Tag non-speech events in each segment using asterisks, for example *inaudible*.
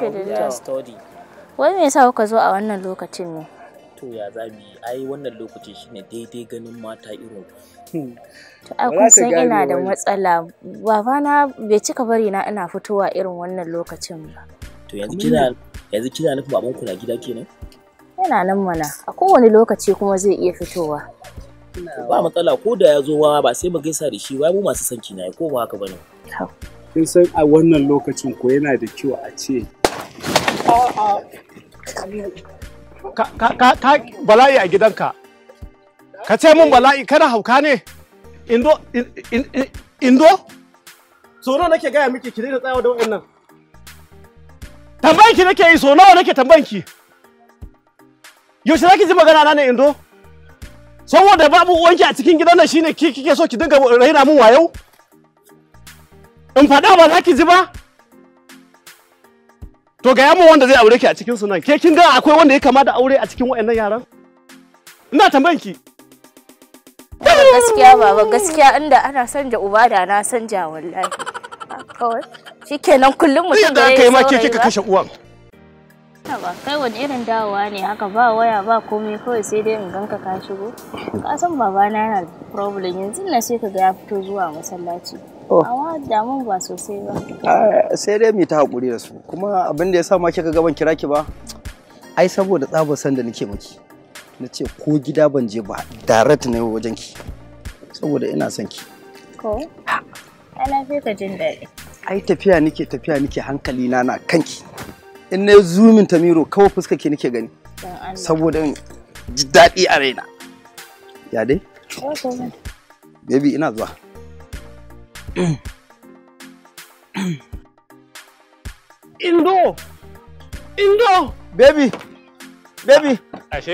alhamdulillah wai me yasa kuka zo a wannan lokacin ne to ya za ai wannan lokacin shine daidai ganin mata irin to a kun san ina da matsala babana bai cika bari na ina fitowa irin wannan lokacin ba to yanzu kina yanzu kina nufin baban ku na gida kenan yana nan mana a kowane lokaci kuma zai iya fitowa ba matsala ko da ya zo wa ba sai mu gaisa da shi ba mu masu sanki na ko ba haka bane kin san a wannan lokacin ko yana da kyau a ce ka bala'i a gidanka ka ce min bala'i kana hauka ne indo indo tsoro nake gaya miki ki daina tsayawa da wa'annan tambayanki nake yi so nawa nake ki? yaushe zaki ji magana na ne indo saboda babu uwanki a cikin gidan nan shine ki kike so ki dinga raina mun wayo in faɗa ba za ki ji ba To ga yamu wanda zai aure ki a cikin su Ke kin ga akwai wanda ya kama da aure a cikin waɗannan yaran? Ina tambayan ki. gaskiya baba gaskiya inda ana sanja uba da na ja wallahi. Kawai shikenan kullum mutum da ya yi saurayi ba. ma ke kika kashe uwan. kai wani irin dawowa ne haka ba waya ba komai kawai sai dai in ganka ka shigo. Ka san babana yana da problem yanzu na sai ka ga ya fito zuwa masallaci. Oh. Amma damun ba sosai ba. Ah, sai dai mu ta hakuri da su. Kuma abin da ya sa ma kika ga ban kira ki ba. Ai saboda tsabar san da nake miki. Na ce ko gida ban je ba direct ne wajen ki. Saboda ina son ki. Ko? Ai lafiya ka jin daɗi. Ai tafiya nake tafiya nake hankali na na kanki. in na zumin tamiro miro kawai fuska ke nake gani saboda ji daɗi a raina ya dai baby ina zuwa indo indo baby baby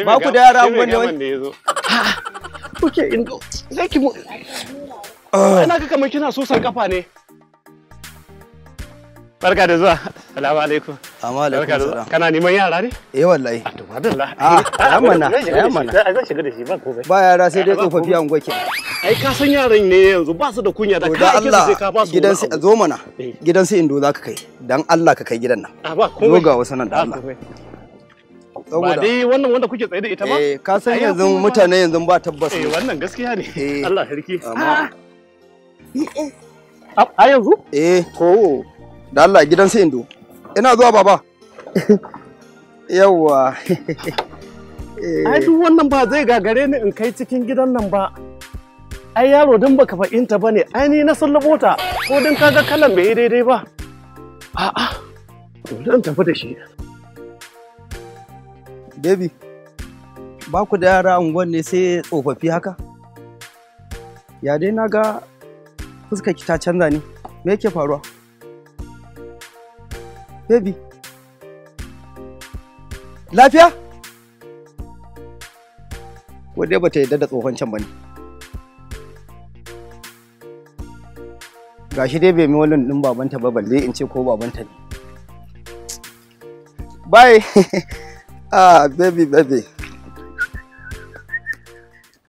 ba ku da yara wani wani kuke indo zai ki mu ah. ana ga kamar kina sosan kafa ne barka da zuwa salamu alaikum amma da kuma kana neman yara ne eh wallahi to madalla a yamma na yamma na zan shiga da shi ba komai ba yara sai dai tsofaffi an goke ai ka san yaran ne yanzu ba su da kunya da kai ake sai ka ba su gidan sai zo mana eh. gidan sai indo zaka kai dan Allah ka kai gidan nan a ah, ba komai zo ga wasu nan da Allah ba dai wannan wanda kuke tsaye da ita ba eh ka san yanzu mutane yanzu ba tabbas eh wannan gaskiya ne eh. Allah sarki a ah! ah! yanzu eh ko oh. da Allah gidan sai indo ina zuwa baba *laughs* yawwa *laughs* eh. ai duk wannan ba zai gagare ni in kai cikin gidan nan ba ai yaro dan baka fahimta ba ne ai ni na sallabo ta ko don kaga kalan bai daidai ba a'a zan tafi da shi baby ba ku da yara unguwan ne sai tsofaffi haka ya dai na ga fuskar ki ta canza ne me yake faruwa Baby. Lafiya? Ko dai bata yadda da tsohon can bane. Gashi dai bai wannan din babanta ba balle in ce ko babanta ne. Bye. *laughs* ah, baby, baby.